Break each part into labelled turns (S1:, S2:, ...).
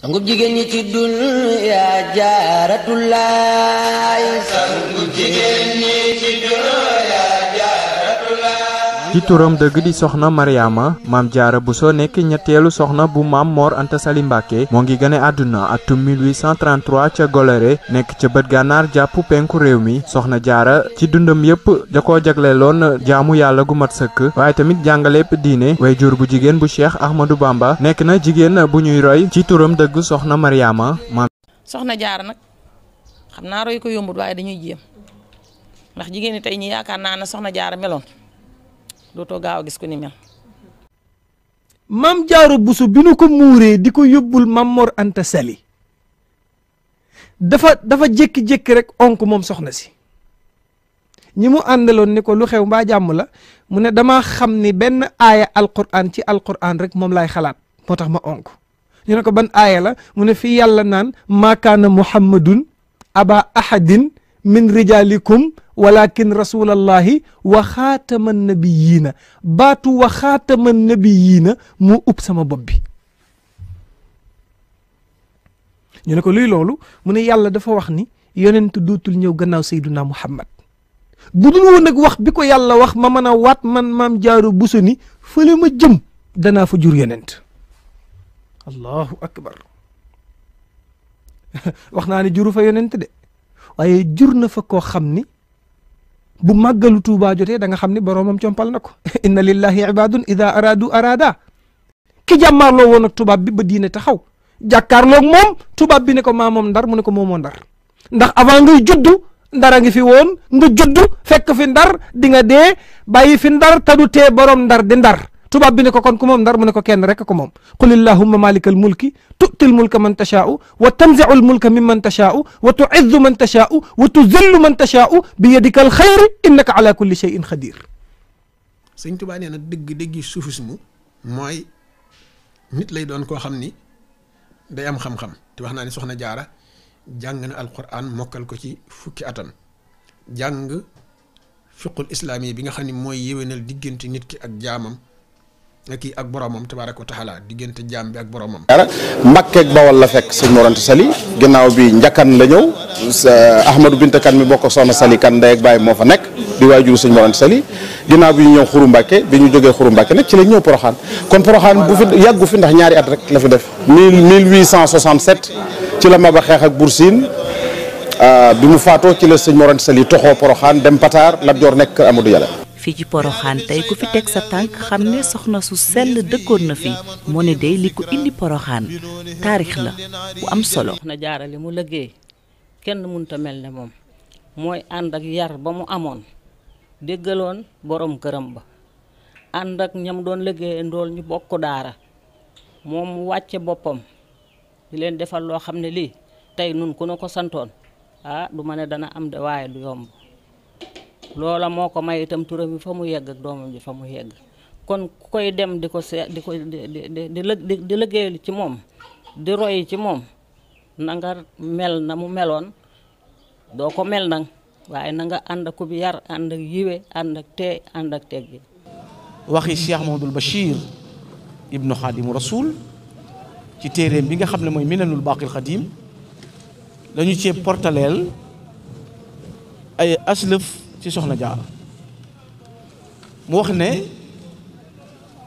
S1: sangub jigéen ñi ci dunya jaaratullaay
S2: ci turam deug di soxna Mariama mam jaara so nek ñettelu soxna bu mam Mor Anta Sali Mbàkke mo ngi gane aduna at 1833 ca Goloré nek ca bët ganar japp penku réew mi soxna jaara ci dundam yep da koo lon jaamu yalla gu mat sekk waaye tamit jàngaleep diine way jur bu jigen bu Cheikh Ahmadou Bamba nek na jigen bu ñuy roy ci turam deug soxna Mariama mam
S1: soxna jaar nak xamna roy ko yombul waaye dañuy jéem ndax jigen ñi tey ñi yaaka naa soxna jaar meloon doto gaaw gis ko ni mel.
S2: mam jaro busu binu ko mure di yobul mam Mor Anta Sali dafa dafa jeki jékki rek onk mom soxna si ñi mu àndaloon ni ko lu xew mbaa jam la mu ne dama xam ni ben aya alquran ci alquran rek mom lay xalat motax ma onk ñu ne ko ban aya la mu ne yalla nan ma kana muhammadun aba ahadin min rijalikum walakin rasulallahi wa xaatama yiina baatu wa xaatama yiina moo ub sama bopp bi ñu ne ko luy loolu mu ne yàlla dafa wax ni yonent dootul ñëw gannaaw sayduna muhammad bu dul woon nag wax bi ko yàlla wax ma mën a waat man maam jaaru buso ni fële ma jëm danaa fa jur yonent allahu akbar wax naa ne juru fa yonent de waaye jur na fa koo xam ni bu màggalu tuubaa jotee da nga xam ni boroomam compal na ko inna lillahi ibadun ida aradu arada ki jàmmaarloo woon ak tubaab bi ba diine taxaw jàkkaarloog moom tubaab bi ne ko maamoom moom ndar mu ne ko moomoo ndar ndax avant ngay juddu ndara ngi fi woon nga juddu fekk fi ndar di nga dee bàyyi fi ndar te du tee borom ndar di ndar tubab bi ne ko kon ku mom ndar mu ne ko kenn rek ko mom qul illahumma malikal mulki tu'til mulka man tasha'u wa tanzi'ul mulka mimman tasha'u wa tu'izzu man tasha'u wa tuzillu man tasha'u bi yadikal khair innaka ala kulli shay'in khadir seigne tubaa ne na deug deug soufisme moy nit lay don ko xamni day am xam-xam te waxna ni soxna jaara jàng na alquran mokal ko ci fukki atam jàng fiqul islami bi nga xamni moy yéwénal digeenti nit ki ak jaamam kii ak boromam tabaaraka wa taala diggante jaam bi ak boromam. Mbàkke
S3: ak Bawol la fekk sëñ Mor Anta Sali ginnaaw bi njakkan la ñëw Ahmadou Binta Kan mi bokk soxna Sali kan ndey ak baay moo fa nekk di waajuru sëñ Mor Anta Sali ginnaaw bi ñu ñëw Xuru bi ñu jógee Xuru Mbàkke nag ci la ñëw Poroxaan kon Poroxaan bu fi yàggu fi ndax ñaari at rek la fi def. mille mille huit cent soixante sept ci la Maba xeex ak Buur Siin ah, bi mu faatoo ci la sëñ Mor Anta Sali toxoo Poroxaan dem Pataar Lat Joor nekk Amadou Yàlla.
S1: fii ci poroxaan tey ku fi teg sa tànk xam ne soxna su sell dëkkoon na fi moo ne day li ko indi poroxaan taarix
S2: la bu am solo. soxna
S1: Jaara li mu liggéey kenn munta mel ne moom mooy ànd ak yar ba mu amoon déggaloon borom këram ba ànd ak ñam doon liggéeya ndool ñu bokk daara moom mu wàcce boppam di leen defal loo xam ne lii tey nun ku na ko santoon ah du ma ne dana am de waaye du yomb. loola moo ko may itam turam bi fa mu yegg ak doomam ji fa mu yegg kon ku koy dem di ko see di ko di di di liggéeyal ci moom di roy ci moom nanga mel na mu meloon doo ko mel nag waaye na nga ànd ak ku bi yar ànd ak yiwe ànd ak tee ànd ak teggi
S3: waxi Cheikh Mahamadul Bachir ibnu Xaadimu Rasul ci téeréem bi nga xam ne mooy minanul baaqil xadim dañu cee portaleel ay aslëf ci soxna jaar mu wax ne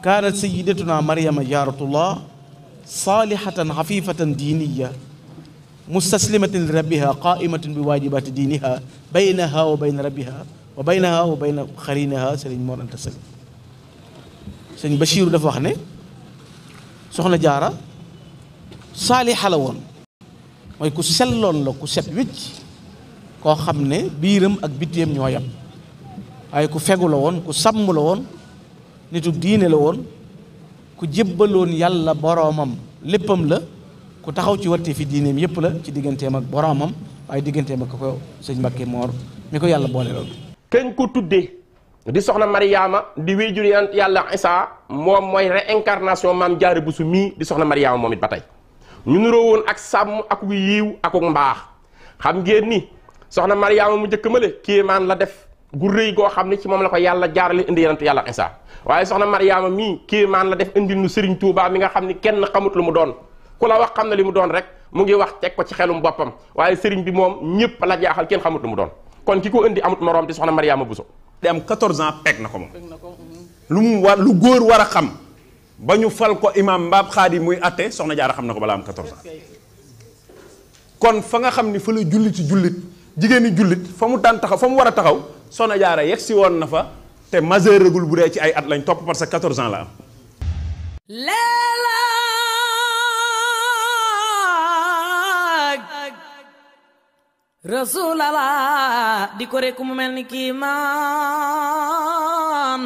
S3: kaanat sayyidatuna maryama jaratullah salihatan hafifatan diiniya mustaslimatan li rabbiha qaimatin bi waajibaati diiniha baynaha wa bayna rabbiha wa baynaha wa bayna xarinaha serigne mo Anta Sali serigne bashir dafa wax ne soxna jaara saaliha la woon ku sellon la ku set wicc koo xam ne biiram ak bitteem ñoo yam waaye ku fegu la woon ku sàmm la woon nitu diine la woon ku jébbaloon yàlla boroomam léppam la ku taxaw ci warte fi diineem yëpp la ci digganteem ak boroomam waaye digganteem ak ko sëñ Mbakke Moor mi ko yàlla boole loolu kañ ko tuddee di soxna Mariama di wéjur yonent yàlla Isaa moom mooy réincarnation maam jaare bu su mii di soxna Mariama moom it ba tey ñu nuroo woon ak sàmm ak yiw ak mbaax xam ngeen soxna Mariyaama mu njëkk male kéemaan la def gu rëy goo xam ne ci moom la ko yàlla jaarale indi yonent yàlla Isaa waaye soxna Mariyaama mii kéemaan la def indil nu Sëriñ Tuubaa mi nga xam ni kenn xamut lu mu doon ku la wax xam ne li mu doon rek mu ngi wax teg ko ci xelum boppam waaye sëriñ bi moom ñëpp la jaaxal kenn xamut lu mu doon kon ki ko indi amut moroom di soxna Mariyaama Buso di am 14 ans peeg na ko moom lu mu war lu góor war a xam ba ñu fal ko imaam mbaab xaadi muy atte soxna jaara xam na ko balaa am 14 ans kon jigéeni jullit fa mu daan taxaw fa mu war a taxaw Soxna Jaara yegg si woon na fa te majeur régul bu dee ci ay at lañ topp parce que 14 ans la am.
S1: rasulallah di ko rekk mu mel ni kii maam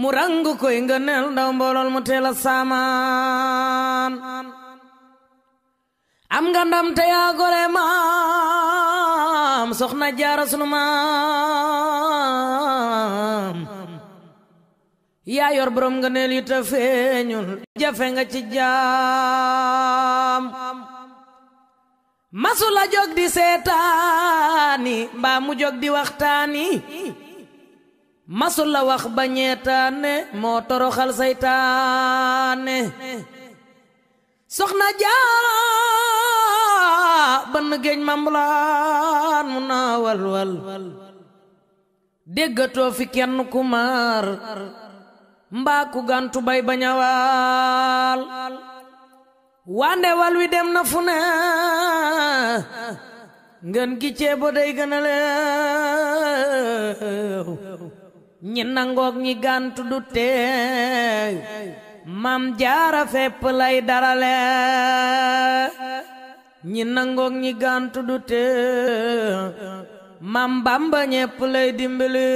S1: mu rangu koy nga neel ndaw mboolool mu teel a am nga ndam te yaa gore maam soxna jaar sunu mam ya yor borom nga neel yu te feeñul jafe nga ci jaam masula jog di setani, ba mu jog di waxtani masula wax ba mo moo toroxal saytaane soxna jaar ban géej mambulaan mu naa walwal déggatoo fi kenn ku maar mbaa ku gantu bay bañawaal wande wal wi dem na fu ne ngeen gi ceebo day gën a leew ñi gantu du teey mam jaara fepp lay darale ñi nangook ñi gàntu du tee
S3: mam bamba ñépp lay dimbali